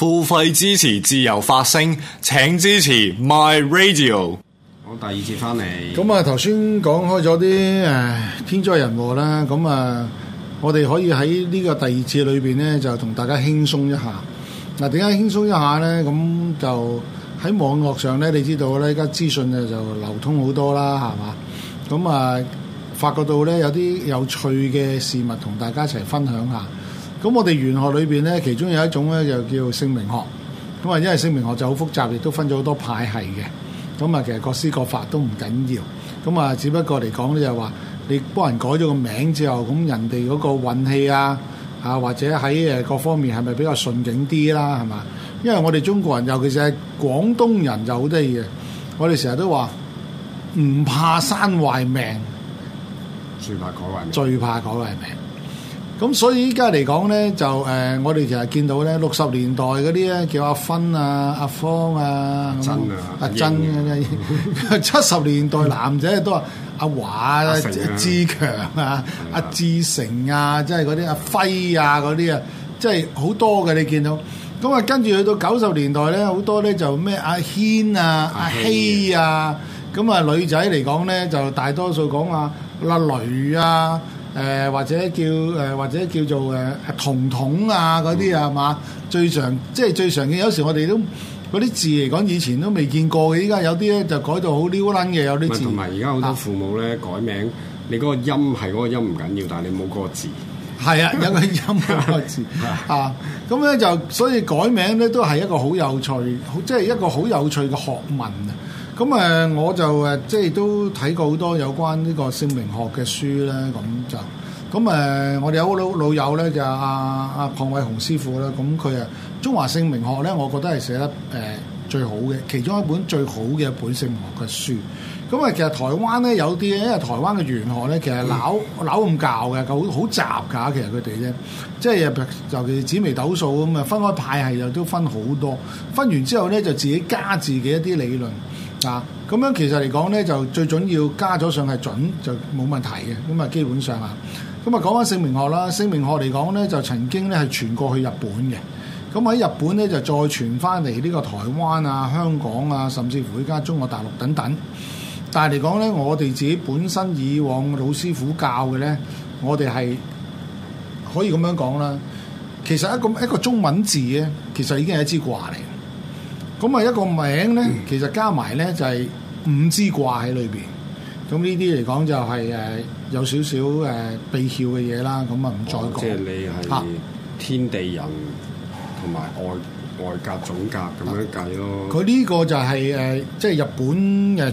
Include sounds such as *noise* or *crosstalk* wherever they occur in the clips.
付費支持自由發聲，請支持 My Radio。好，第二次翻嚟。咁啊，頭先講開咗啲誒天災人禍啦，咁啊，我哋可以喺呢個第二節裏邊咧，就同大家輕鬆一下。嗱，點解輕鬆一下咧？咁就喺網絡上咧，你知道咧，而家資訊咧就流通好多啦，係嘛？咁啊，發覺到咧有啲有趣嘅事物，同大家一齊分享下。咁我哋玄學裏邊咧，其中有一種咧，就叫姓名學。咁啊，因為姓名學就好複雜，亦都分咗好多派系嘅。咁啊，其實各施各法都唔緊要。咁啊，只不過嚟講咧，就話你幫人改咗個名之後，咁人哋嗰個運氣啊，啊或者喺誒各方面係咪比較順景啲啦？係嘛？因為我哋中國人，尤其是係廣東人，就好中意嘅。我哋成日都話唔怕生壞命，最怕改壞命，最怕改壞命。咁所以依家嚟講咧，就誒我哋其實見到咧，六十年代嗰啲咧叫阿芬啊、阿芳啊、阿珍英七十年代男仔都話阿華啊、阿志強啊、阿志成啊，即係嗰啲阿輝啊嗰啲啊，即係好多嘅你見到。咁啊，跟住去到九十年代咧，好多咧就咩阿、啊、軒啊、阿希啊、啊。咁啊，啊啊女仔嚟講咧，就大多數講話阿雷啊。啊誒、呃、或者叫誒、呃、或者叫做誒彤彤啊嗰啲啊嘛，嗯、最常即係最常嘅。有時我哋都嗰啲字嚟講，以前都未見過，嘅，依家有啲咧就改到好撩撚嘅有啲字。同埋而家好多父母咧改名，啊、你嗰個音係嗰個音唔緊要，但係你冇嗰個字。係啊，有個音冇 *laughs* 個字啊，咁咧就所以改名咧都係一個好有趣，即、就、係、是、一個好有趣嘅學問。咁誒我就誒即係都睇過好多有關呢個姓名學嘅書咧，咁就咁誒，我哋有個老老友咧就阿阿龐偉雄師傅咧，咁佢誒中華姓名學咧，我覺得係寫得誒、呃、最好嘅，其中一本最好嘅一本姓名學嘅書。咁啊，其實台灣咧有啲因為台灣嘅玄學咧，其實撈撈咁教嘅，好好雜㗎，其實佢哋咧，即係尤其是紫微斗數咁啊，分開派系又都分好多，分完之後咧就自己加自己一啲理論。啊，咁樣其實嚟講咧，就最緊要加咗上係準就冇問題嘅，咁啊基本上啊，咁啊講翻姓名學啦，姓名學嚟講咧就曾經咧係傳過去日本嘅，咁喺日本咧就再傳翻嚟呢個台灣啊、香港啊，甚至乎依家中國大陸等等。但係嚟講咧，我哋自己本身以往老師傅教嘅咧，我哋係可以咁樣講啦。其實一個一個中文字咧，其實已經係一支卦嚟。咁啊一個名咧，其實加埋咧就係五支卦喺裏邊，咁呢啲嚟講就係誒有少少誒秘竅嘅嘢啦，咁啊唔再講。即係你係天地人同埋外外格總格咁樣計咯。佢呢個就係、是、誒、呃，即係日本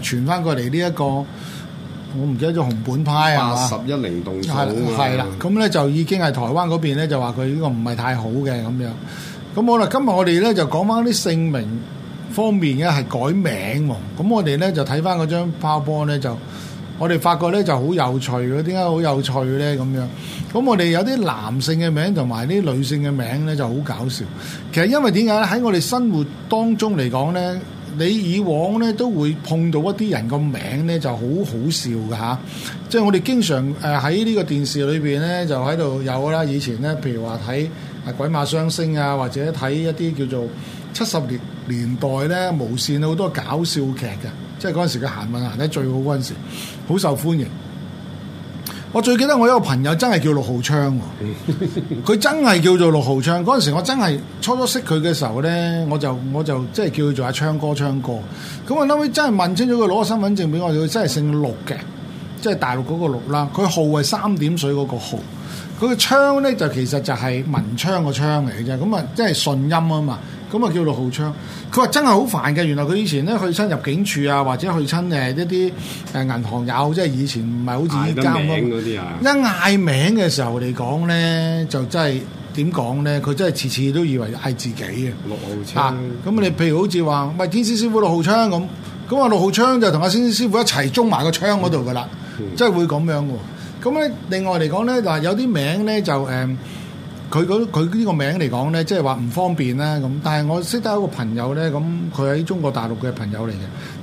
誒傳翻過嚟呢一個，我唔記得咗紅本派啊八十一靈動數啦、啊。咁咧就已經係台灣嗰邊咧就話佢呢個唔係太好嘅咁樣。咁好啦，今日我哋咧就講翻啲姓名。方面咧係改名喎，咁、嗯、我哋咧就睇翻嗰張 PowerPoint 咧就，我哋發覺咧就好有趣嘅，點解好有趣咧咁樣？咁、嗯、我哋有啲男性嘅名同埋啲女性嘅名咧就好搞笑。其實因為點解咧？喺我哋生活當中嚟講咧，你以往咧都會碰到一啲人個名咧就好好笑嘅吓，即、啊、係、就是、我哋經常誒喺呢個電視裏邊咧就喺度有啦，以前咧譬如話睇《鬼馬雙星》啊，或者睇一啲叫做七十年年代咧無線好多搞笑劇嘅，即係嗰陣時嘅行運行得最好嗰陣時，好受歡迎。我最記得我有個朋友真係叫陸浩昌喎，佢 *laughs* 真係叫做陸浩昌。嗰陣時我真係初初識佢嘅時候咧，我就我就即係叫佢做阿昌哥，昌哥。咁我後尾真係問清楚佢攞個身份證俾我，佢真係姓陸嘅，即係大陸嗰個陸啦。佢號係三點水嗰個號，佢嘅昌咧就其實就係文昌個昌嚟嘅啫。咁啊，即係順音啊嘛。咁啊叫陸浩昌，佢話真係好煩嘅。原來佢以前咧去親入境處啊，或者去親誒一啲誒、呃、銀行有，即係以前唔係好似依家咁。嗰啲啊！一嗌名嘅時候嚟講咧，就真係點講咧？佢真係次次都以為嗌自己嘅。陸浩昌、啊。咁、啊、你譬如好似話，咪、嗯、天獅師傅陸浩昌咁，咁啊陸浩昌就同阿天獅師傅一齊鍾埋個窗嗰度噶啦，即係、嗯嗯、會咁樣嘅、啊。咁咧另外嚟講咧，就係有啲名咧就誒。嗯佢佢呢個名嚟講呢，即係話唔方便啦咁。但係我識得一個朋友呢，咁佢喺中國大陸嘅朋友嚟嘅。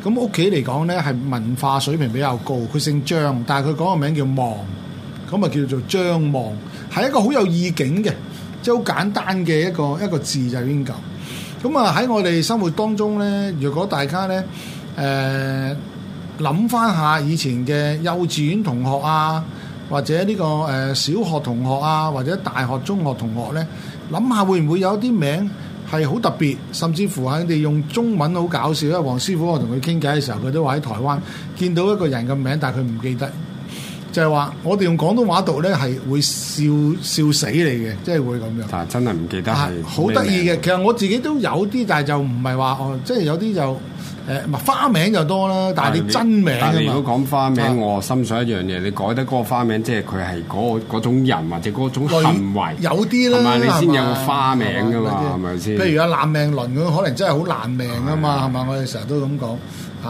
咁屋企嚟講呢，係文化水平比較高。佢姓張，但係佢講個名叫望，咁啊叫做張望，係一個好有意境嘅，即係好簡單嘅一個一個字就係呢咁。咁啊喺我哋生活當中呢，如果大家呢，誒諗翻下以前嘅幼稚園同學啊～或者呢個，誒，呃，小學同學啊，或者大學中學同學呢，諗下會唔會有啲名係好特別，甚至乎係你用中文好搞笑咧。黃師傅我同佢傾偈嘅時候，佢都話喺台灣見到一個人嘅名，但係佢唔記得，就係話我哋用廣東話讀呢係會笑笑死你嘅，即係會咁樣。但，啊，真係唔記得係。好得意嘅，其實我自己都有啲，但係就唔係話哦，即係有啲就。誒，唔係花名就多啦，但係你真名啊嘛！但你如果講花名，就係、我心想一樣嘢，你改得嗰個花名，即係佢係嗰種人或者嗰種行為有啲啦，係咪吧？你先有個花名噶嘛，係咪先？譬吧吧如有爛命輪嗰，可能真係好爛命噶嘛，係咪的？我哋成日都咁講吓。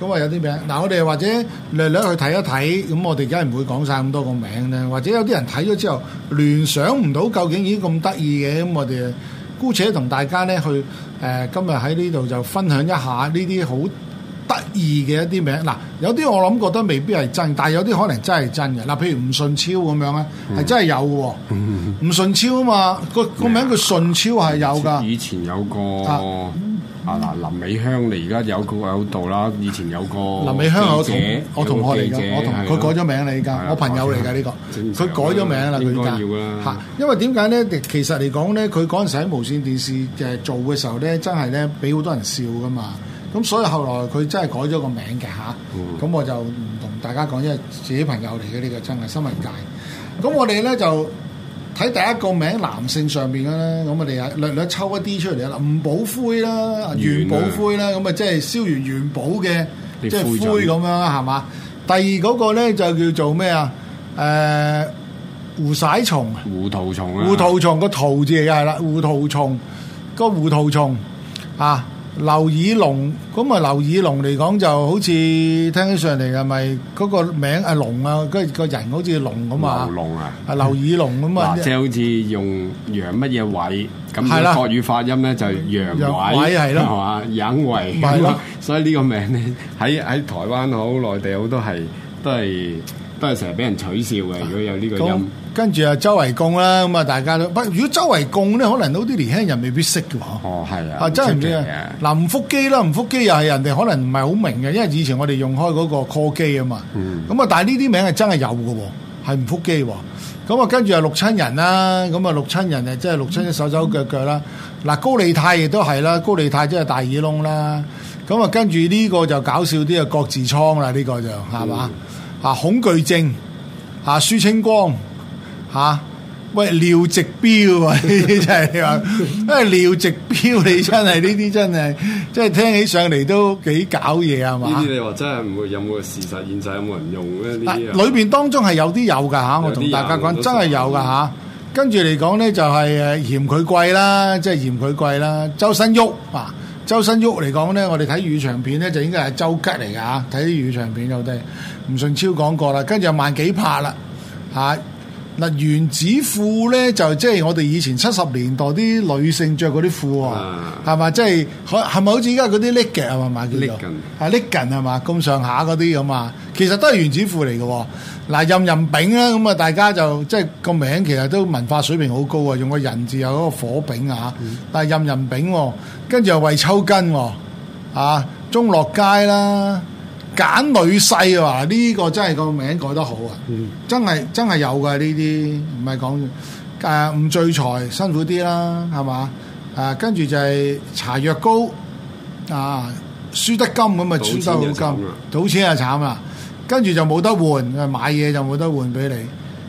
咁啊，有啲名嗱、啊，我哋或者略略去睇一睇，咁我哋而梗係唔會講晒咁多個名咧。或者有啲人睇咗之後聯想唔到，究竟已經咁得意嘅，咁我哋。姑且同大家咧去，誒、呃、今日喺呢度就分享一下呢啲好得意嘅一啲名。嗱，有啲我諗覺得未必係真，但係有啲可能真係真嘅。嗱，譬如吳順超咁樣咧，係真係有嘅。吳順超啊嘛，個個麼名叫順超係有噶。以前有個。啊嗯啊嗱，林美香你，而家有個喺度啦。以前有個林美香係我同我同學嚟嘅，我同佢改咗名嚟噶，我朋友嚟嘅呢個。佢改咗名啦，佢嚇。因為點解咧？其實嚟講咧，佢嗰陣時喺無線電視誒做嘅時候咧，真係咧俾好多人笑噶嘛。咁所以後來佢真係改咗個名嘅嚇。咁我就唔同大家講，因為自己朋友嚟嘅呢個真係新聞界。咁我哋咧就。睇第一個名男性上邊嘅咧，咁我哋略略抽一啲出嚟啦，吳寶灰啦，元、啊、寶灰啦，咁啊即係燒完元寶嘅即係灰咁樣啦，係嘛？第二嗰個咧就叫做咩、呃、啊？誒，胡曬蟲，胡桃蟲胡桃蟲個桃字嚟㗎係啦，胡桃蟲個胡桃蟲啊。劉爾龍，咁啊劉爾龍嚟講，就好似聽起上嚟，係咪嗰個名阿龍啊？跟、那、住個人好似龍咁啊！劉龍啊！啊劉爾龍咁啊！即係好似用楊乜嘢偉咁嘅國語發音咧、就是，就楊偉係咯，係嘛？楊偉，的所以呢個名咧喺喺台灣好，內地好多係都係都係成日俾人取笑嘅，啊、如果有呢個音。跟住啊，周圍供啦，咁啊大家都不。如果周圍供咧，可能都啲年輕人未必識嘅喎。哦，係啊。啊，真唔知嗱，唔腹肌啦，唔腹肌又係人哋可能唔係好明嘅，因為以前我哋用開嗰個 call 機啊嘛。咁啊、嗯，但係呢啲名係真係有嘅喎，係唔腹肌喎。咁啊，跟住啊六親人啦，咁啊六親人誒，即係六親隻手手腳腳啦。嗱、嗯，高利貸亦都係啦，高利貸即係大耳窿啦。咁啊，跟住呢個就搞笑啲啊，國字倉啦，呢、這個就係嘛啊，嗯、恐懼症啊，舒清光。嚇、啊！喂，廖直標啊！呢啲真係你話， *laughs* 因為廖直標你真係呢啲真係，即係聽起上嚟都幾搞嘢啊嘛！呢啲你話真係唔會有冇事實現實有冇人用呢啲啊，裏邊、啊、當中係有啲有噶嚇，我同大家講真係有噶嚇。跟住嚟講咧，就係、是、誒嫌佢貴啦，即係嫌佢貴啦。周新喐啊，周新喐嚟講咧，我哋睇預場片咧，就應該係周吉嚟噶嚇。睇啲預場片有啲，吳順超講過啦，跟住又萬幾拍啦嚇。啊啊嗱，原子褲咧就即、是、係我哋以前七十年代啲女性着嗰啲褲喎，係嘛、啊，即係係咪好似依家嗰啲呢腳係嘛？叫呢腳係呢腳係嘛？咁上下嗰啲咁啊 in,，其實都係原子褲嚟嘅。嗱、啊、任任炳啦，咁啊大家就即係個名其實都文化水平好高啊，用個人字有嗰個火炳啊，但係任任炳，跟、啊、住又為抽筋啊，中樂街啦。啊揀女婿啊！呢、這個真係個名改得好啊、嗯！真係真係有噶呢啲，唔係講誒唔、呃、聚財辛苦啲啦，係嘛？誒、呃，跟住就係搽藥膏啊、呃，輸得金咁啊，輸得好金，賭錢啊慘啦！跟住就冇得換，買嘢就冇得換俾你，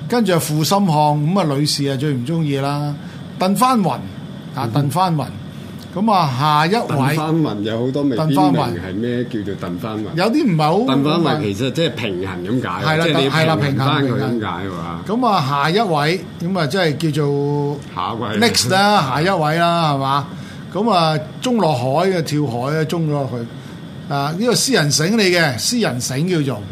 跟住負心漢咁啊，女士啊最唔中意啦，鄧翻雲啊，鄧翻雲。咁啊，下一位。鄧翻文有好多未標明係咩叫做鄧翻文。有啲唔係好。鄧翻文其實即係平衡咁解，即係你平衡翻佢點解喎嚇？咁啊，下一位咁啊，即係叫做。下一位。Next 啦，下一位啦，係嘛？咁啊，衝落海啊，跳海啊，衝咗落去啊！呢個私人艇嚟嘅，私人艇叫做。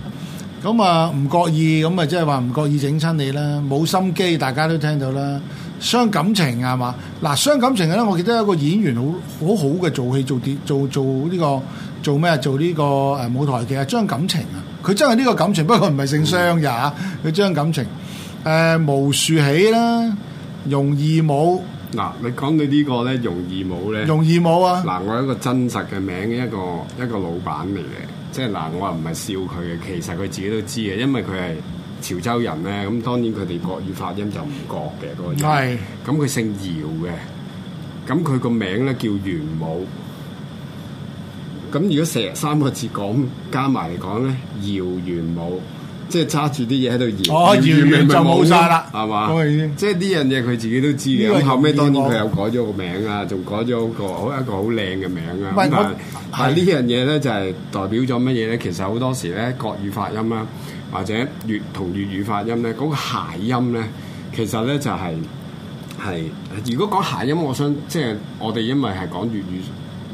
咁啊，唔覺意，咁啊，即係話唔覺意整親你啦，冇心機，大家都聽到啦。傷感情係嘛，嗱傷感情嘅咧，我記得有個演員好，好好好嘅做戲做啲、做做呢個做咩啊？做呢、呢個誒舞台劇啊，傷感情啊！佢真係呢個感情，不過佢唔係姓傷呀，佢傷感情。誒，無樹起啦，容易冇？嗱，你講到呢、呢個咧，容易冇咧，容易冇啊！嗱，我有一個真實嘅名，一個一個老闆嚟嘅，即係嗱，我話唔係笑佢嘅，其實佢自己都知嘅，因為佢係。潮州人咧，咁當然佢哋國語發音就唔覺嘅嗰個字。係的，咁佢姓姚嘅，咁佢個名咧叫袁武。咁如果成日三個字講加埋嚟講咧，姚袁武，即係揸住啲嘢喺度搖。哦，姚，姚就冇晒啦，係嘛？吧即係呢樣嘢佢自己都知嘅。咁是後尾當然佢又改咗個名啊，仲改咗一個好一個好靚嘅名啊。唔係，但係呢樣嘢咧，就係、是、代表咗乜嘢咧？其實好多時咧，國語發音啦。或者粵同粵語發音咧，嗰個諧音咧，其實咧就係、是、係。如果講諧音，我想即係我哋因為係講粵語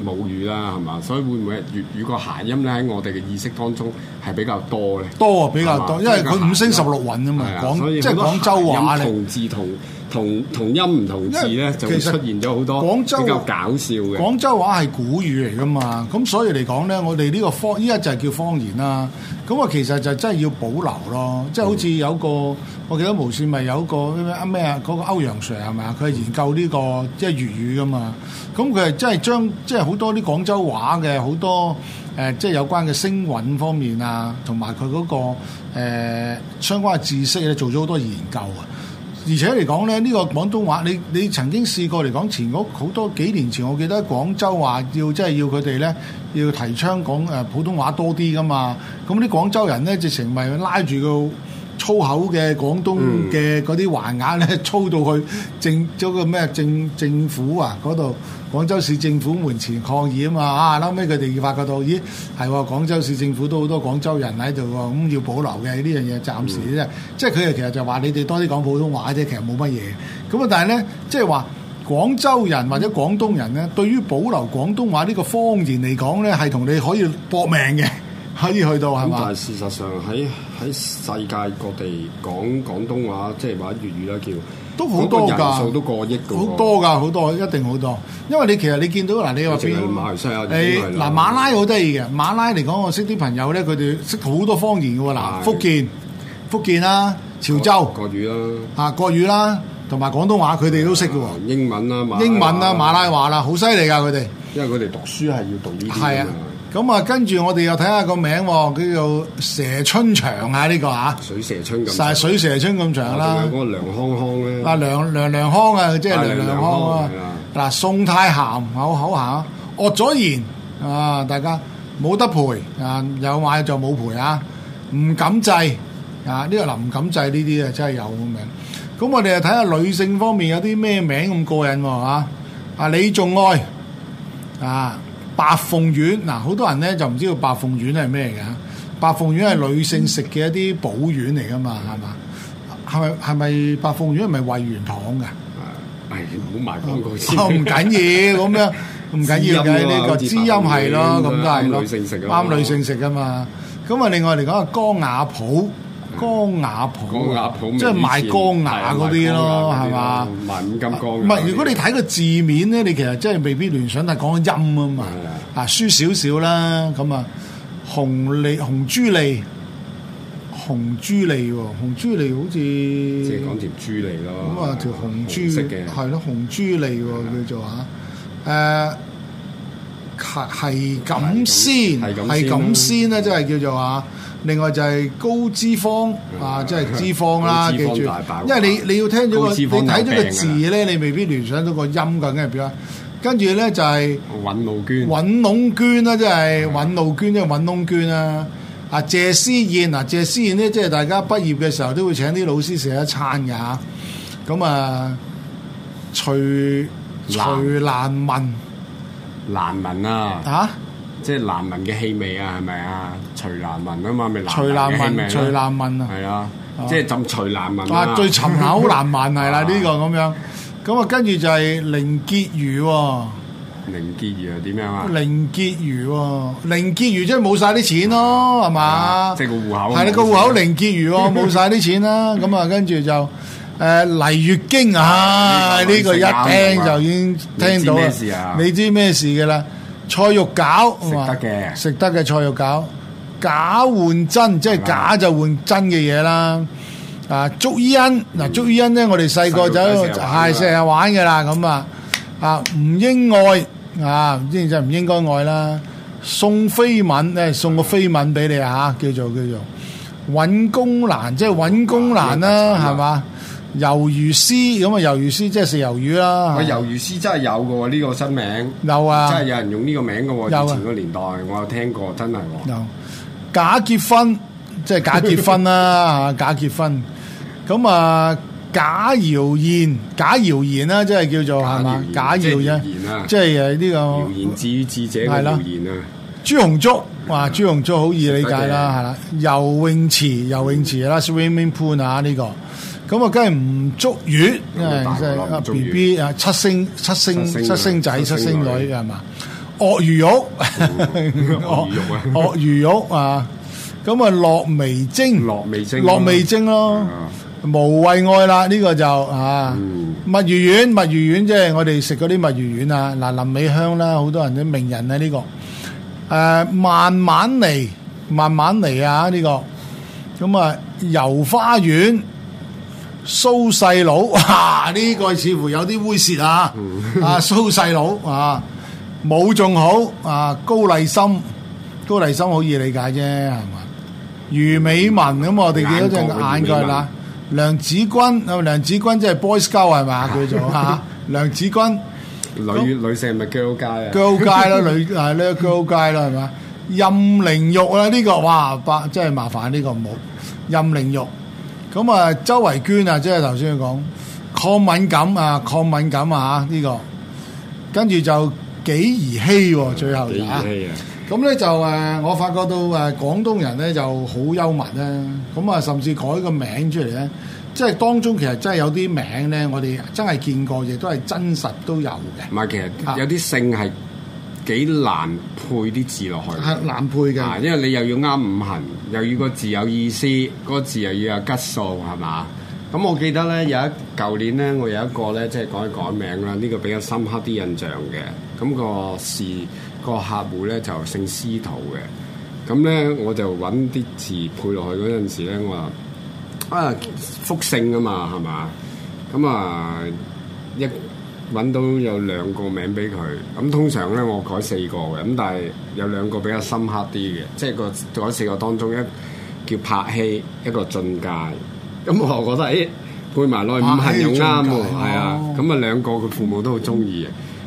母語啦，係嘛，所以會唔會粵語個諧音咧喺我哋嘅意識當中係比較多咧？多啊，比較多，因為佢五星十六韻啊嘛，廣即係廣州話志同。同同音唔同字咧，就出現咗好多比較搞笑嘅。廣州話係古語嚟㗎嘛，咁所以嚟講咧，我哋呢個方依家就係叫方言啦。咁啊，其實就真係要保留咯，即、就、係、是、好似有個、嗯、我記得無線咪有一個咩咩啊咩啊，嗰、那個歐陽 Sir 係咪啊？佢研究呢、這個即係粵語㗎嘛。咁佢係真係將即係好多啲廣州話嘅好多誒，即、呃、係、就是、有關嘅聲韻方面啊，同埋佢嗰個、呃、相關嘅知識咧，做咗好多研究啊。而且嚟講咧，呢、這個廣東話，你你曾經試過嚟講前好多幾年前，我記得廣州話要即係要佢哋咧，要提倡講誒、呃、普通話多啲㗎嘛。咁啲廣州人咧，直情係拉住個，粗口嘅廣東嘅嗰啲橫額咧，嗯、粗到去政嗰個咩政政府啊嗰度，廣州市政府門前抗議啊嘛，啊，後尾佢哋發覺到，咦，係、哦、廣州市政府都好多廣州人喺度喎，咁要保留嘅呢樣嘢，暫時啫，嗯、即係佢哋其實就話你哋多啲講普通話啫，其實冇乜嘢，咁啊，但係咧，即係話廣州人或者廣東人咧，對於保留廣東話呢個方言嚟講咧，係同你可以搏命嘅。可以去到係嘛？但係事實上喺喺世界各地講廣東話，即係話粵語啦，叫都好多噶，數都過億噶，好多噶，好多一定好多。因為你其實你見到嗱，你話馬來西亞嗱馬拉好得意嘅馬拉嚟講，我識啲朋友咧，佢哋識好多方言嘅喎嗱，福建福建啦，潮州國語啦，嚇國語啦，同埋廣東話佢哋都識嘅喎，英文啦，英文啦，馬拉話啦，好犀利噶佢哋，因為佢哋讀書係要讀呢啲㗎嘛。咁啊，跟住我哋又睇下個名喎，叫做蛇春祥啊呢個啊，水蛇春咁，嗱水蛇春咁長啦。我哋有嗰個梁康康咧，啊梁梁梁康啊，即係梁梁康啊。嗱宋太咸口口咸，惡咗言啊，大家冇得賠啊，有買就冇賠啊，唔敢制啊。呢個林敢制呢啲啊，真係有名。咁我哋又睇下女性方面有啲咩名咁過癮喎嚇，啊李仲愛啊。白鳳丸嗱，好多人咧就唔知道白鳳丸係咩嘅。白鳳丸係女性食嘅一啲補丸嚟噶嘛，係嘛？係咪係咪白鳳丸係咪位元堂嘅？啊，哦、係 *laughs* 好賣廣告、這個，唔緊要咁樣，唔緊要嘅呢個滋陰係咯，咁、啊、都係咯，啱女性食啊嘛，啱女性食啊嘛。咁啊，另外嚟講啊，江雅普。江雅普，即係賣江雅嗰啲咯，係嘛？賣五金江。唔係，如果你睇個字面咧，你其實真係未必聯想但係講音啊嘛。啊，輸少少啦，咁啊，紅利紅珠利，紅珠利紅珠利好似。即係講條珠利咯。咁啊，條紅珠，係咯，紅珠利喎，叫做啊。誒，係係咁先，係咁先咧，即係叫做啊。另外就係高脂肪、嗯、啊，即係脂肪啦，脂肪記住，巴巴因為你你要聽咗個，脂你睇咗個字咧，你未必聯想到個音㗎，咁係點啊？跟住咧就係揾老娟、揾窿娟啦，即係揾老娟即係揾窿娟啦。啊，謝思燕，嗱、啊，謝思燕呢，即係大家畢業嘅時候都會請啲老師食一餐嘅嚇。咁啊，啊，徐徐，徐蘭文，蘭文啊。嚇！即係難聞嘅氣味啊，係咪啊？徐難聞啊嘛，咪難聞嘅氣味咯。係啊，即係浸徐難聞。啊。最沉口難聞係啦，呢個咁樣。咁啊，跟住就係零結餘。零結餘係點樣啊？零結餘，零結餘即係冇晒啲錢咯，係嘛？即係個戶口係你個戶口零結餘，冇晒啲錢啦。咁啊，跟住就誒黎月經啊，呢個一聽就已經聽到啦。未知咩事嘅啦？菜肉餃食得嘅，食得嘅菜肉餃。假換真，即係假就換真嘅嘢啦。啊，捉伊恩嗱，捉伊恩咧，我哋細個就係成日玩㗎啦。咁啊，啊唔應愛啊，即係唔應該愛啦。送飛吻，誒，送個飛吻俾你啊，叫做叫做搵工難，即係搵工難啦，係嘛？魷魚絲咁啊！魷魚絲即係食魷魚啦。我魷魚絲真係有嘅喎，呢個新名有啊！真係有人用呢個名嘅喎，以前個年代我有聽過，真係。有假結婚，即係假結婚啦！假結婚咁啊，假謠言，假謠言啦，即係叫做係嘛？假謠言，即係呢個謠言止於智者係咯。朱紅粥，哇！朱紅粥好易理解啦，係啦。游泳池，游泳池啦，swimming pool 啊，呢個。咁啊，梗係唔捉魚，因為 B B 啊，七星七星七星仔七星女嘅，係嘛？鱷魚肉，鱷魚肉啊！鱷魚肉啊！咁啊、嗯，落味精，落味精，落味精咯！無謂愛啦，呢個就啊，墨魚丸，墨魚丸即係我哋食嗰啲墨魚丸，魚丸啊！嗱，林美香啦，好多人啲名人啊呢個。誒、這個啊啊，慢慢嚟，慢慢嚟啊！呢個咁啊，油花丸，丸。蘇細佬，哇！呢、這個似乎有啲猥褻啊， *laughs* 啊蘇！啊，蘇細佬啊，冇仲好啊，高麗心，高麗心好易理解啫，係嘛？余美文咁我哋幾多隻眼嘅啦，梁子君，係梁子君即係 boys girl 係嘛？叫做吓梁子君， *laughs* 女女性係咪 girl g 啊？girl g 啦，女係呢？girl g 啦，係嘛、 *laughs* 啊？任玲玉啊，呢、這個哇，真係麻煩呢、這個冇、這個、任玲玉，玉，玉。咁啊，周圍捐啊，即係頭先佢講抗敏感啊，抗敏感啊嚇呢、這個，跟住就幾兒戲喎，最後嚇。幾兒戲啊？咁咧就誒、啊啊，我發覺到誒、啊、廣東人咧就好幽默啦。咁啊，甚至改個名出嚟咧，即係當中其實真係有啲名咧，我哋真係見過，亦都係真實都有嘅。唔係，其實有啲姓係。啊幾難配啲字落去，係、啊、難配㗎。因為你又要啱五行，又要個字有意思，個字又要有吉數，係嘛？咁我記得咧，有一舊年咧，我有一個咧，即係講改名啦，呢、呢個比較深刻啲印象嘅。咁、嗰個是個客戶咧，就姓司徒嘅。咁咧，我就揾啲字配落去嗰陣時咧，我話啊，複姓啊嘛，係嘛？咁啊一。揾到有兩個名俾佢，咁、嗯、通常咧我改四個嘅，咁但係有兩個比較深刻啲嘅，即係個改四個當中一叫拍戲，一個進界，咁、嗯、我覺得誒、欸、配埋落去唔係咁啱喎，係啊，咁啊兩個佢父母都好中意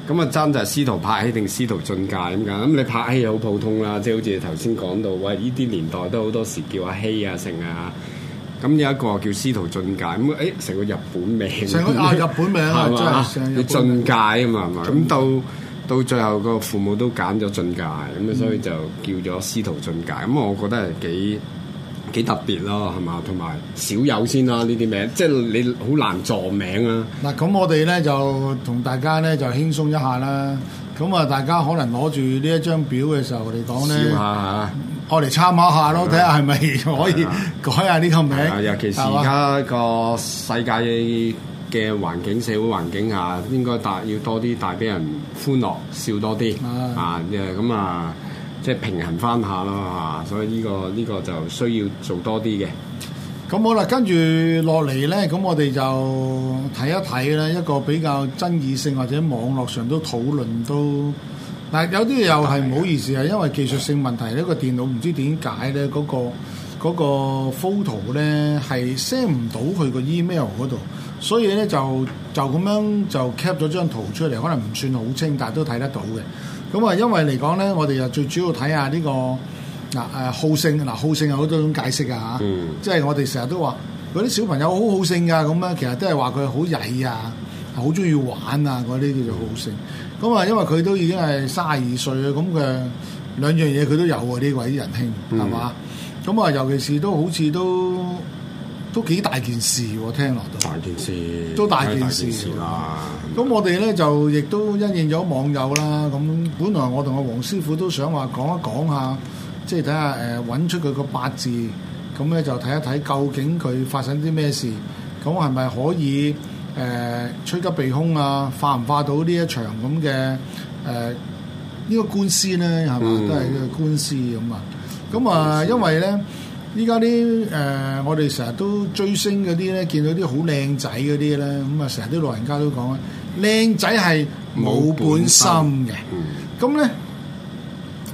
嘅，咁啊爭就係司徒拍戲定司徒進界咁㗎，咁、嗯嗯、你拍戲好普通啦，即、就、係、是、好似你頭先講到，喂呢啲年代都好多時叫阿希啊成啊。啊啊啊咁有一個叫司徒俊介，咁誒成個日本名，成個、啊、個日本名啊，真係成日本名，俊介啊嘛，咁到到最後個父母都揀咗俊介，咁所以就叫咗司徒俊介。咁、嗯、我覺得係幾幾特別咯，係嘛？同埋少有先啦，呢啲名，即係你好難撞名啊。嗱，咁我哋咧就同大家咧就輕鬆一下啦。咁啊，大家可能攞住呢一張表嘅時候我哋講咧，笑下嚇我嚟參考下咯，睇下係咪可以、啊、改下呢個名、啊。尤其是而家個世界嘅環境、吧社會環境下，應該帶要多啲帶俾人歡樂、笑多啲啊！咁啊，即係平衡翻下咯啊！所以呢、呢個呢、呢個就需要做多啲嘅。咁好啦，跟住落嚟咧，咁我哋就睇一睇咧，一個比較爭議性或者網絡上都討論都。嗱，但有啲又係唔好意思啊，嗯、因為技術性問題呢、嗯、個電腦唔知點解咧，嗰、嗰個 photo 咧係 send 唔到佢個 email 嗰度，所以咧就就咁樣就 cap 咗張圖出嚟，可能唔算好清，但係都睇得到嘅。咁啊，因為嚟講咧，我哋又最主要睇下呢、呢個嗱誒好性，嗱、啊、好性有好多種解釋㗎嚇，嗯、即係我哋成日都話嗰啲小朋友好好性㗎，咁樣其實都係話佢好曳啊。好中意玩啊！嗰啲叫做好性，咁啊，因為佢都已經係三十二歲嘅咁嘅兩樣嘢，佢都有喎。呢位仁兄係嘛？咁啊，嗯、尤其是都好似都都幾大件事喎、啊，聽落都大件事，都大件事啦、啊。咁我哋咧就亦都因應咗網友啦。咁本來我同阿黃師傅都想話講一講一下，即係睇下誒搵出佢個八字，咁咧就睇一睇究竟佢發生啲咩事，咁係咪可以？誒趨、呃、吉避凶啊，化唔化到呢一場咁嘅誒呢個官司咧，係咪、嗯、都係個官司咁、嗯、啊。咁啊，因為咧，依家啲誒我哋成日都追星嗰啲咧，見到啲好靚仔嗰啲咧，咁、嗯、啊，成日啲老人家都講咧，靚仔係冇本心嘅，咁咧。嗯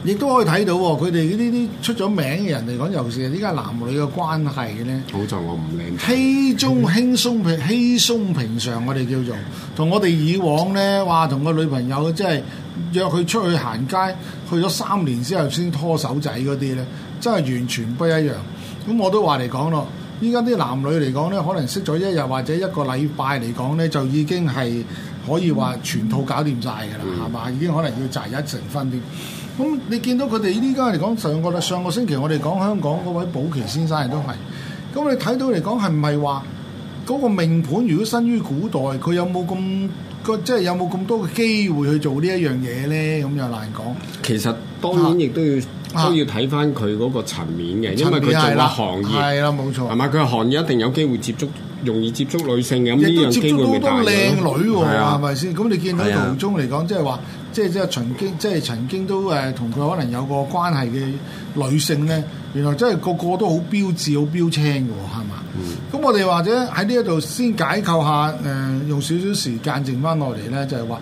亦都可以睇到喎，佢哋呢啲出咗名嘅人嚟講，尤其是依家男女嘅關係咧，好就我唔靚。輕鬆、輕鬆平、輕 *laughs* 鬆平常，我哋叫做同我哋以往咧，哇，同個女朋友即係約佢出去行街，去咗三年之後先拖手仔嗰啲咧，真係完全不一樣。咁我都話嚟講咯，依家啲男女嚟講咧，可能識咗一日或者一個禮拜嚟講咧，就已經係可以話全套搞掂晒㗎喇，係嘛、嗯？已經可能要擇一成婚添。咁你見到佢哋呢家嚟講，上個上個星期我哋講香港嗰位寶琪先生亦都係，咁你睇到嚟講，係唔係話嗰個命盤如果生於古代，佢有冇咁個即係有冇咁多嘅機會去做呢一樣嘢咧？咁又難講。其實當然亦都要都要睇翻佢嗰個層面嘅，因為佢做個行業係啦，冇錯，係嘛？佢係行業一定有機會接觸，容易接觸女性，咁呢樣接觸到多靚女喎，係咪先？咁你見到途中嚟講，即係話。即係即係曾經，即係曾經都誒同佢可能有個關係嘅女性咧，原來真係個個都好標致、好標青嘅，哦，係嘛？咁、嗯、我哋或者喺呢一度先解構下誒、呃，用少少時間剩翻落嚟咧，就係、是、話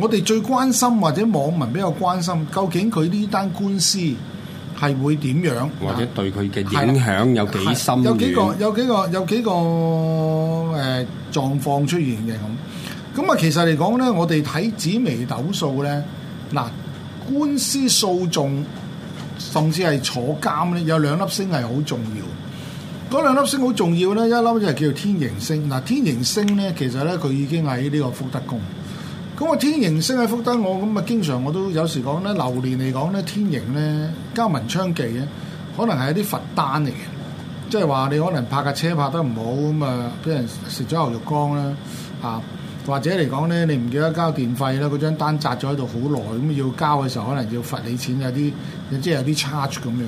我哋最關心或者網民比較關心，究竟佢呢單官司係會點樣，或者對佢嘅影響的有幾深？有幾個、有幾個、有幾個誒、呃、狀況出現嘅咁。嗯咁啊，其實嚟講咧，我哋睇紫微斗數咧，嗱，官司訴訟，甚至係坐監咧，有兩粒星係好重要。嗰兩粒星好重要咧，一粒就係叫天刑星。嗱，天刑星咧，其實咧佢已經喺呢個福德宮。咁啊，天刑星喺福德，我咁啊，經常我都有時講咧，流年嚟講咧，天刑咧加文昌忌咧，可能係一啲罰單嚟嘅，即係話你可能泊架車泊得唔好咁啊，俾人食咗牛肉乾啦啊！或者嚟講咧，你唔記得交電費啦，嗰張單擲咗喺度好耐，咁要交嘅時候可能要罰你錢，有啲即係有啲 charge 咁樣。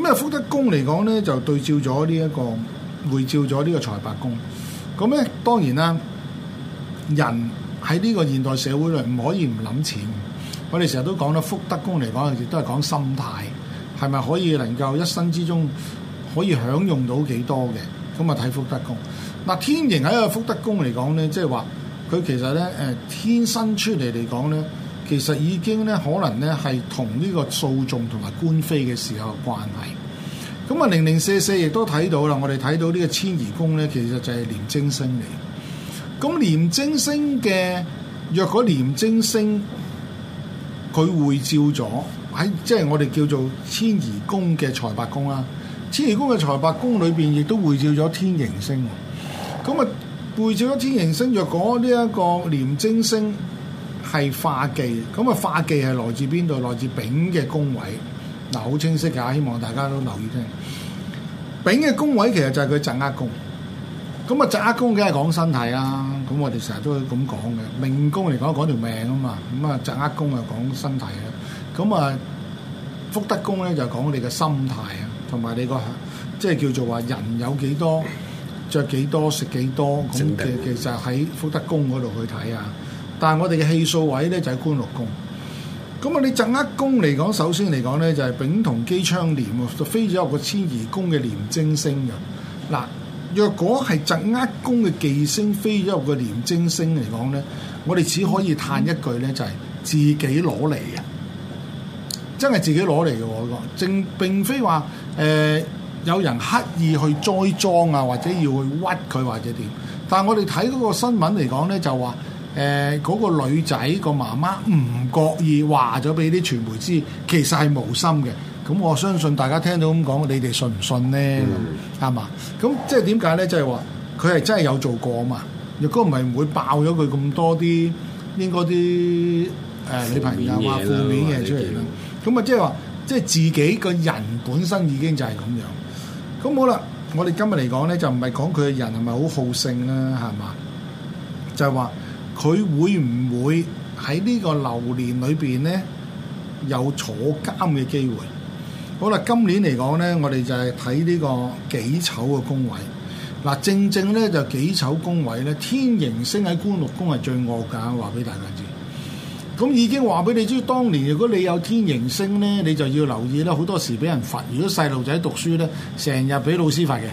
咁啊，福德宮嚟講咧，就對照咗呢一個回照咗呢個財帛宮。咁咧，當然啦，人喺呢個現代社會咧，唔可以唔諗錢。我哋成日都講咧，福德宮嚟講亦都係講心態，係咪可以能夠一生之中可以享用到幾多嘅？咁啊，睇福德宮。嗱，天刑喺個福德宮嚟講咧，即係話。佢其實咧，誒、呃、天生出嚟嚟講咧，其實已經咧，可能咧係同呢個訴訟同埋官非嘅時候嘅關係。咁啊，零零四四亦都睇到啦，我哋睇到呢個遷移宮咧，其實就係廉貞星嚟。咁廉貞星嘅，若果廉貞星佢匯照咗喺，即係、就是、我哋叫做遷移宮嘅財帛宮啦。遷移宮嘅財帛宮裏邊亦都匯照咗天刑星。咁啊～背照一天刑星，若果呢一個廉貞星係化忌，咁啊化忌係來自邊度？來自丙嘅宮位，嗱好清晰噶，希望大家都留意聽。丙嘅宮位其實就係佢疾厄宮，咁啊疾厄宮梗係講身體啦。咁我哋成日都咁講嘅，命宮嚟講講條命啊嘛，咁啊疾厄宮啊講身體啦，咁啊福德宮咧就講你嘅心態啊，同埋你個即係叫做話人有幾多。着幾多食幾多咁，其其實喺福德宮嗰度去睇啊，但係我哋嘅氣數位咧就喺官祿宮。咁啊，你疾厄宮嚟講，首先嚟講咧就係、是、丙同機昌廉就飛咗入個遷移宮嘅廉貞星嘅。嗱，若果係疾厄宮嘅忌星飛咗入個廉貞星嚟講咧，我哋只可以嘆一句咧就係、是、自己攞嚟嘅，嗯、真係自己攞嚟嘅，我講，正並非話誒。呃有人刻意去栽贓啊，或者要去屈佢，或者點。但係我哋睇嗰個新聞嚟講咧，就話誒嗰個女仔個媽媽唔覺意話咗俾啲傳媒知，其實係無心嘅。咁我相信大家聽到咁講，你哋信唔信咧？係嘛、嗯？咁即係點解咧？就係話佢係真係有做過啊嘛？若果唔係唔會爆咗佢咁多啲，應該啲誒女朋友啊負面嘢出嚟啦。咁啊，即係話，即係自己個人本身已經就係咁樣。咁好啦，我哋今日嚟講咧，就唔係講佢人係咪好好勝啦，係嘛？就係話佢會唔會喺呢個流年裏邊咧有坐監嘅機會？好啦，今年嚟講咧，我哋就係睇呢個己丑嘅宮位。嗱，正正咧就己丑宮位咧，天刑星喺官祿宮係最惡㗎，話俾大家知。咁已經話俾你知，當年如果你有天刑星咧，你就要留意啦。好多時俾人罰，如果細路仔讀書咧，成日俾老師罰嘅，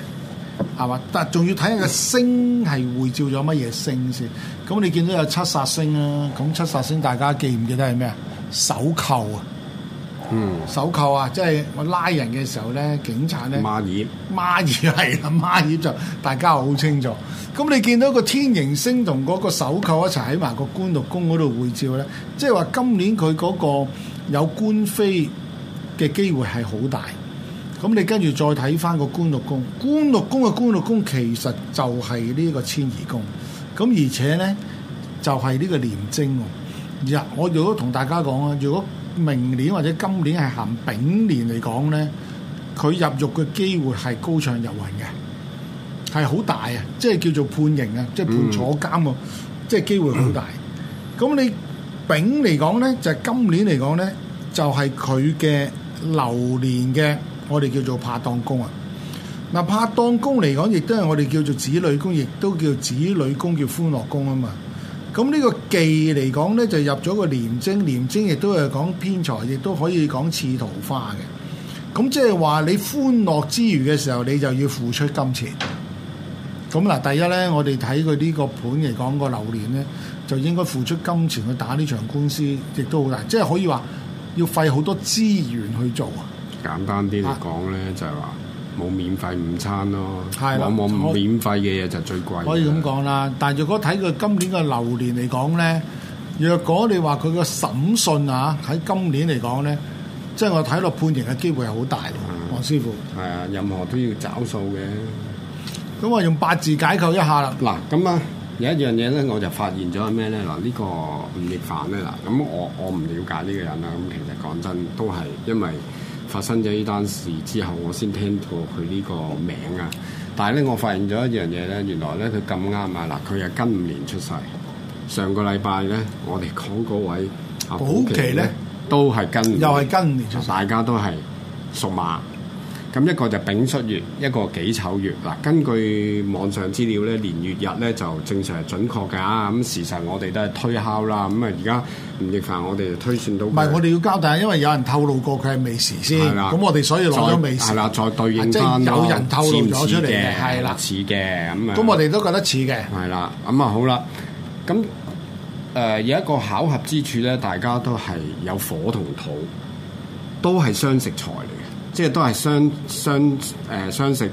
係嘛？但仲要睇下個星係會照咗乜嘢星先。咁你見到有七殺星啦、啊，咁七殺星大家記唔記得係咩啊？手扣啊！嗯，手扣啊，即係我拉人嘅時候咧，警察咧孖耳，孖耳係啦，孖耳就大家好清楚。咁你見到個天刑星同嗰個手扣一齊喺埋個官禄宮嗰度會照咧，即係話今年佢嗰個有官非嘅機會係好大。咁你跟住再睇翻個官禄宮，官禄宮嘅官禄宮其實就係呢個遷移宮。咁而且咧就係、是、呢個廉貞。若我如果同大家講啊，如果明年或者今年係行丙年嚟講咧，佢入獄嘅機會係高唱入雲嘅，係好大啊！即係叫做判刑啊，即係判坐監啊，嗯、即係機會好大。咁、嗯、你丙嚟講咧，就係、是、今年嚟講咧，就係佢嘅流年嘅，我哋叫做拍檔宮啊。嗱，拍檔宮嚟講，亦都係我哋叫做子女宮，亦都叫子女宮叫歡樂宮啊嘛。咁呢個忌嚟講呢就入咗個廉貞，廉貞亦都係講偏財，亦都可以講次桃花嘅。咁即係話你歡樂之餘嘅時候，你就要付出金錢。咁嗱，第一呢，我哋睇佢呢個盤嚟講個流年呢，就應該付出金錢去打呢場官司，亦都好大，即係可以話要費好多資源去做。簡單啲嚟講呢，啊、就係話。冇免費午餐咯，往往免費嘅嘢就最貴。可以咁講啦，但係若果睇佢今年嘅流年嚟講咧，若果你話佢個審訊啊喺今年嚟講咧，即係我睇落判刑嘅機會係好大，黃師傅。係啊，任何都要找數嘅。咁我用八字解構一下啦。嗱，咁啊有一樣嘢咧，我就發現咗係咩咧？嗱，呢個吳亦凡咧嗱，咁我我唔了解呢個人啦。咁其實講真都係因為。發生咗呢單事之後，我先聽到佢呢個名啊！但係咧，我發現咗一樣嘢咧，原來咧佢咁啱啊！嗱，佢係今年出世，上個禮拜咧，我哋講嗰位保期咧都係今年，又係今年出世，大家都係屬馬。咁一個就丙戌月，一個己丑月，嗱。根據網上資料咧，年月日咧就正常係準確噶。咁事實我哋都係推敲啦。咁啊，而家吳亦凡我哋推算到唔係，我哋要交代，係因為有人透露過佢係未時先，咁了我哋所以攞咗未時。係啦，再對應翻都似嘅，係啦，似嘅咁啊。咁我哋都覺得似嘅。係啦，咁、嗯、啊好啦，咁誒、呃、有一個巧合之處咧，大家都係有火同土，都係相食財嚟嘅。即係都係雙雙誒、呃、雙食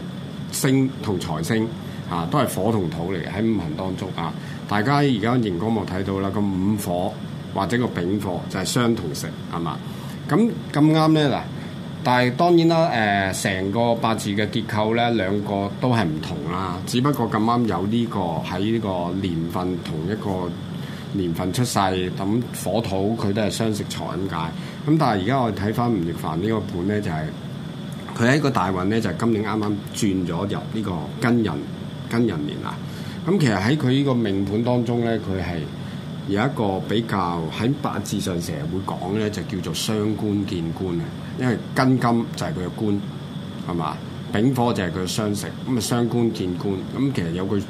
星同財星嚇、啊，都係火同土嚟嘅，喺五行當中啊！大家而家熒光幕睇到啦，個五火或者個丙火就係雙同食係嘛？咁咁啱咧嗱，但係當然啦誒，成、呃、個八字嘅結構咧兩個都係唔同啦，只不過咁啱有呢、這個喺呢個年份同一個年份出世，咁火土佢都係雙食財咁解。咁但係而家我哋睇翻吳亦凡個呢個盤咧，就係、是。佢喺個大運咧，就係、是、今年啱啱轉咗入呢個庚寅庚寅年啊。咁其實喺佢呢個命盤當中咧，佢係有一個比較喺八字上成日會講咧，就叫做傷官見官啊。因為庚金就係佢嘅官，係嘛？丙火就係佢嘅傷食，咁啊傷官見官。咁其實有句誒、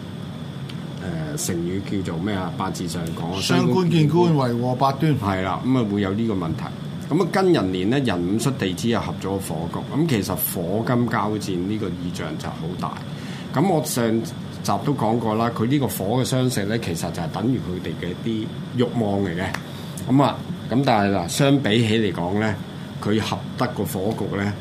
呃、成語叫做咩啊？八字上講，傷官，官，官見官為禍百端。係啦，咁啊會有呢個問題。咁啊，跟寅年咧，寅午戌地支又合咗個火局，咁其實火金交戰呢個意象就好大。咁我上集都講過啦，佢呢個火嘅傷食咧，其實就係等於佢哋嘅一啲慾望嚟嘅。咁啊，咁但係嗱，相比起嚟講咧，佢合得個火局咧，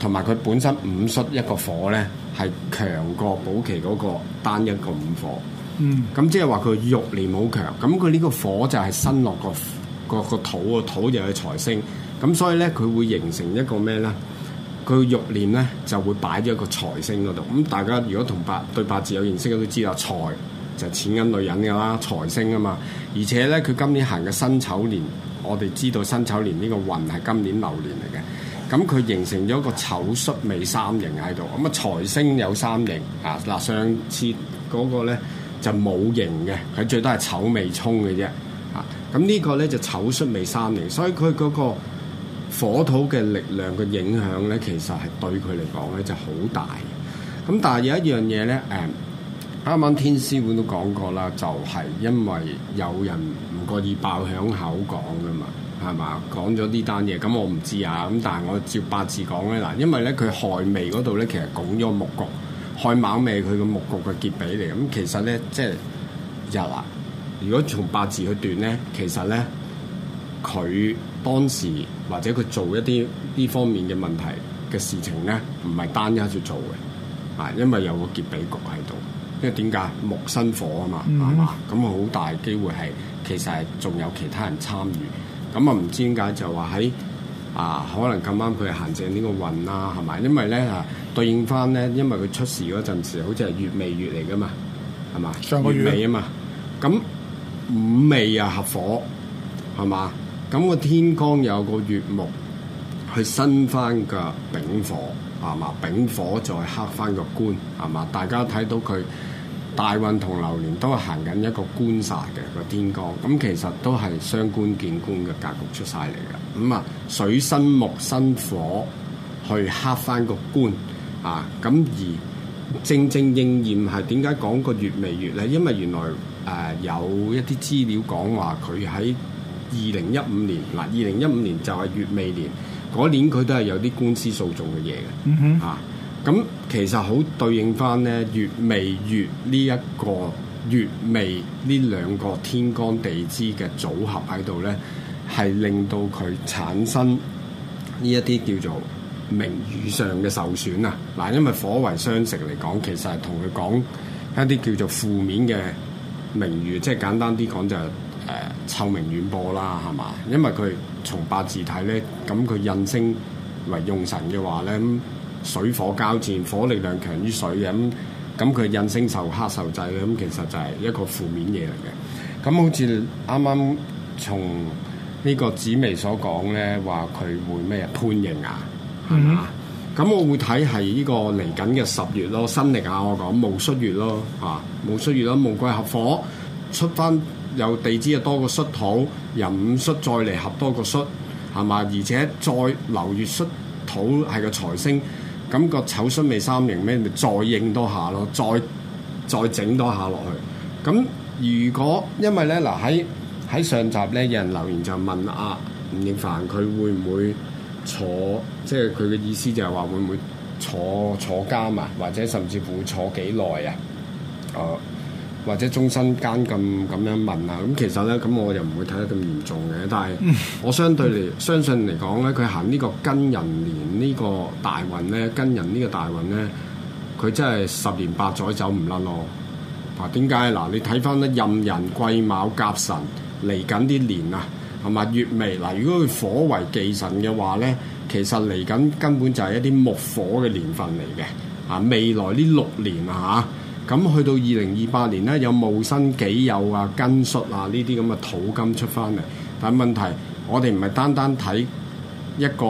同埋佢本身午戌一個火咧，係強過寶期嗰個單一個午火。嗯。咁即係話佢慾念好強，咁佢呢個火就係生落個個個土個土就有財星，咁所以咧，佢會形成一個咩咧？佢欲念咧就會擺咗一個財星嗰度。咁、嗯、大家如果同八對八字有認識嘅都知道，財就係錢跟女人㗎啦，財星啊嘛。而且咧佢今年行嘅辛丑年，我哋知道辛丑年呢個運係今年流年嚟嘅。咁、嗯、佢形成咗一個丑戌未三刑喺度。咁、嗯、啊財星有三刑，啊嗱、啊，上次嗰個咧就冇刑嘅，佢最多係丑未沖嘅啫。咁、啊這個、呢個咧就丑戌未三年。所以佢嗰個火土嘅力量嘅影響咧，其實係對佢嚟講咧就好大。咁但係有一樣嘢咧，誒啱啱天獅師傅都講過啦，就係、是、因為有人唔覺意爆響口講噶嘛，係嘛講咗呢單嘢，咁、嗯、我唔知啊。咁但係我照八字講咧，嗱，因為咧佢亥未嗰度咧，其實拱咗木局，亥卯未佢個木局嘅劫比嚟，咁、嗯、其實咧即係日啦。如果從八字去斷咧，其實咧佢當時或者佢做一啲呢方面嘅問題嘅事情咧，唔係單一去做嘅啊，因為有個劫比局喺度。因為點解木生火啊嘛，係嘛、嗯？咁好、啊、大機會係其實係仲有其他人參與。咁、嗯、啊唔知點解就話喺啊可能咁啱佢係行正呢個運啦、啊，係咪？因為咧、啊、對應翻咧，因為佢出事嗰陣時，好似係月尾月嚟噶嘛，係嘛？上個月尾啊嘛，咁。五味啊，合火係嘛？咁、那個天干有個月木去生翻個丙火，係嘛？丙火再克翻個官，係嘛？大家睇到佢大運同流年都係行緊一個官煞嘅、那個天干，咁、那個、其實都係傷官見官嘅格局出晒嚟嘅。咁、那、啊、個，水生木生火去克翻個官啊，咁而正正應驗係點解講個月未月咧？因為原來。誒、呃、有一啲資料講話佢喺二零一五年嗱，二零一五年就係乙未年，嗰年佢都係有啲官司訴訟嘅嘢嘅，嚇、嗯哼。咁、啊嗯、其實好對應翻咧，乙未月呢一個乙未呢兩個天干地支嘅組合喺度咧，係令到佢產生呢一啲叫做名譽上嘅受損啊！嗱、啊，因為火為傷食嚟講，其實係同佢講一啲叫做負面嘅。名譽即係簡單啲講就係、是、誒、呃、臭名遠播啦，係嘛？因為佢從八字睇咧，咁佢印星為用神嘅話咧，水火交戰，火力量強於水嘅咁，咁佢印星受克受制咧，咁、嗯、其實就係一個負面嘢嚟嘅。咁、嗯、好似啱啱從個紫呢個紫微所講咧，話佢會咩啊？叛逆啊？係嘛？咁我會睇係呢個嚟緊嘅十月咯，新曆啊，我講戊戌月咯，啊戊戌月啦，戊癸合火出翻，有地支啊多個戌土，壬戌再嚟合多個戌，係嘛？而且再流月戌土係個財星，咁、那個丑戌未三刑咩？咪再應多下咯，再再整多下落去。咁如果因為咧嗱喺喺上集咧有人留言就問阿、啊、吳亦凡佢會唔會？坐即係佢嘅意思就係話會唔會坐坐監啊？或者甚至乎坐幾耐啊？誒、呃、或者終身監禁咁樣問啊？咁其實咧咁，我又唔會睇得咁嚴重嘅。但係我相對嚟相信嚟講咧，佢行呢個庚寅年呢個大運咧，庚寅呢個大運咧，佢真係十年八載走唔甩咯。嗱點解嗱？你睇翻咧壬寅、癸卯、甲辰嚟緊啲年啊！同埋月眉嗱，如果佢火為忌神嘅話咧，其實嚟緊根本就係一啲木火嘅年份嚟嘅。啊，未來呢六年啊，咁去到二零二八年咧，有戊申己酉啊、庚戌啊呢啲咁嘅土金出翻嚟。但問題，我哋唔係單單睇一個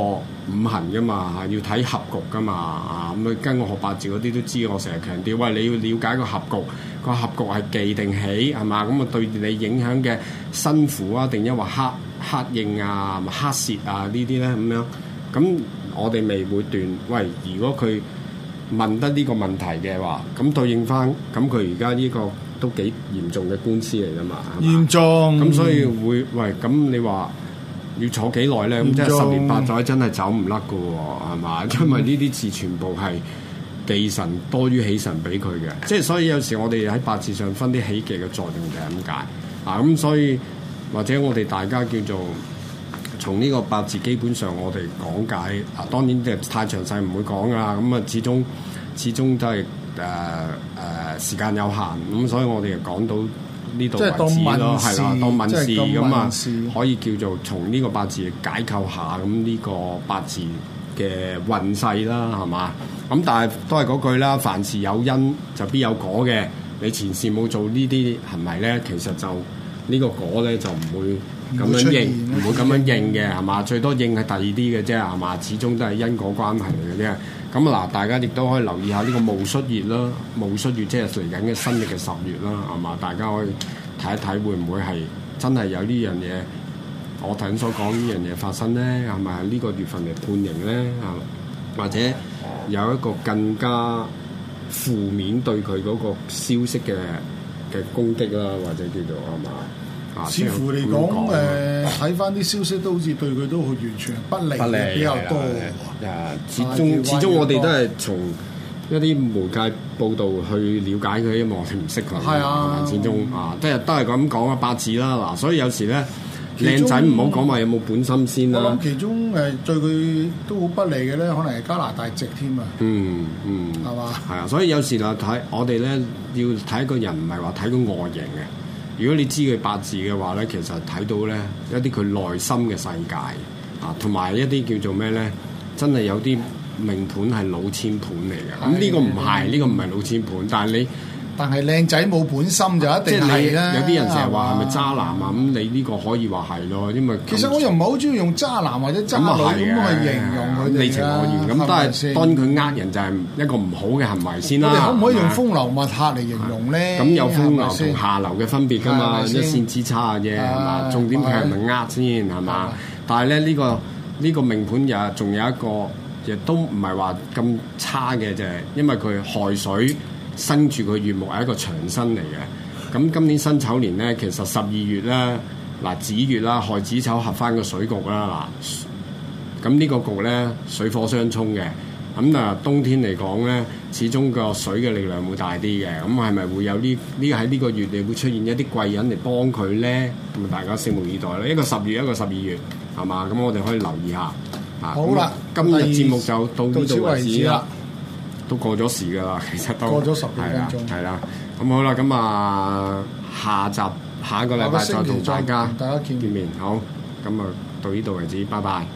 五行噶嘛，要睇合局噶嘛，啊，咁啊，跟我學八字嗰啲都知，我成日強調，喂，你要了解個合局，個合局係忌定喜，係嘛，咁啊對你影響嘅辛苦啊，定抑或克克應啊，克洩啊呢啲咧咁樣，咁我哋未會斷，喂，如果佢問得呢個問題嘅話，咁對應翻，咁佢而家呢個都幾嚴重嘅官司嚟㗎嘛，嚴重，咁所以會，喂，咁你話？要坐幾耐咧？咁中即係十年八載，真係走唔甩噶，係嘛？因為呢啲字全部係忌神多於喜神俾佢嘅，即係所以有時我哋喺八字上分啲喜忌嘅作用就係咁解。啊，咁所以或者我哋大家叫做從呢個八字基本上，我哋講解。啊，當然即係太詳細唔會講噶啦。咁啊，始終始終都係誒誒時間有限，咁、啊、所以我哋就講到。即係當問事，咁啊事可以叫做從呢個八字解構下咁呢個八字嘅運勢啦，係嘛？咁但係都係嗰句啦，凡事有因就必有果嘅。你前世冇做是是呢啲行為咧，其實就呢、這個果咧就唔會。咁樣認唔會咁樣認嘅係嘛？最多認係第二啲嘅啫係嘛？始終都係因果關係嚟嘅啫。咁嗱，大家亦都可以留意下呢個戊戌月啦，戊戌月即係嚟緊嘅新曆嘅十月啦，係嘛？大家可以睇一睇會唔會係真係有呢樣嘢？我頭先所講呢樣嘢發生咧，係咪喺呢個月份嚟判刑咧？啊，或者有一個更加負面對佢嗰個消息嘅嘅攻擊啦，或者叫做係嘛？啊、似乎嚟講，誒說，睇翻啲消息都好似對佢都好完全不利嘅 *laughs* 比較多。誒，始終始終我哋都係從一啲媒介報道去了解佢，因為我哋唔識佢。係啊的，始終啊，都係都係咁講啊，八字啦。嗱，所以有時咧，靚仔唔好講話有冇本心先啦。我諗其中誒，對佢都好不利嘅咧，可能係加拿大籍添啊。嗯嗯，係嘛？係啊，所以有時啊，睇中我哋咧要睇一個人一個，唔係話睇佢外形嘅。如果你知佢八字嘅話呢，其實睇到呢一啲佢內心嘅世界啊，同埋一啲叫做咩呢？真係有啲命盤係老千盤嚟嘅。咁呢個唔係，呢個唔係老千盤，但係你。但係靚仔冇本心就一定係啦，有啲人成日話係咪渣男啊？咁你呢個可以話係咯，因為其實我又唔係好中意用渣男或者渣女咁去形容佢，你情我願啦。咁都係，當佢呃人就係一個唔好嘅行為先啦。我可唔可以用風流墨客嚟形容咧？咁有風流同下流嘅分別㗎嘛？一線之差啫，係嘛？重點佢係咪呃先係嘛？但係咧，呢個呢個命盤又仲有一個亦都唔係話咁差嘅，就係因為佢亥水。生住個月木係一個長生嚟嘅，咁今年辛丑年咧，其實十二月咧，嗱子月啦亥子丑合翻個水局啦，嗱，咁、這、呢個局咧水火相沖嘅，咁嗱冬天嚟講咧，始終個水嘅力量會大啲嘅，咁係咪會有呢呢喺呢個月裏會出現一啲貴人嚟幫佢咧？咁啊大家拭目以待啦，一個十月一個十二月，係嘛？咁我哋可以留意下。好啦了，啊、今日節目就到呢度為止啦。都過咗時㗎啦，其實都係啦，係啦，咁好啦，咁啊，下集下一個禮拜再同大家再大家見面，見面，好，咁啊，到呢度為止，拜拜。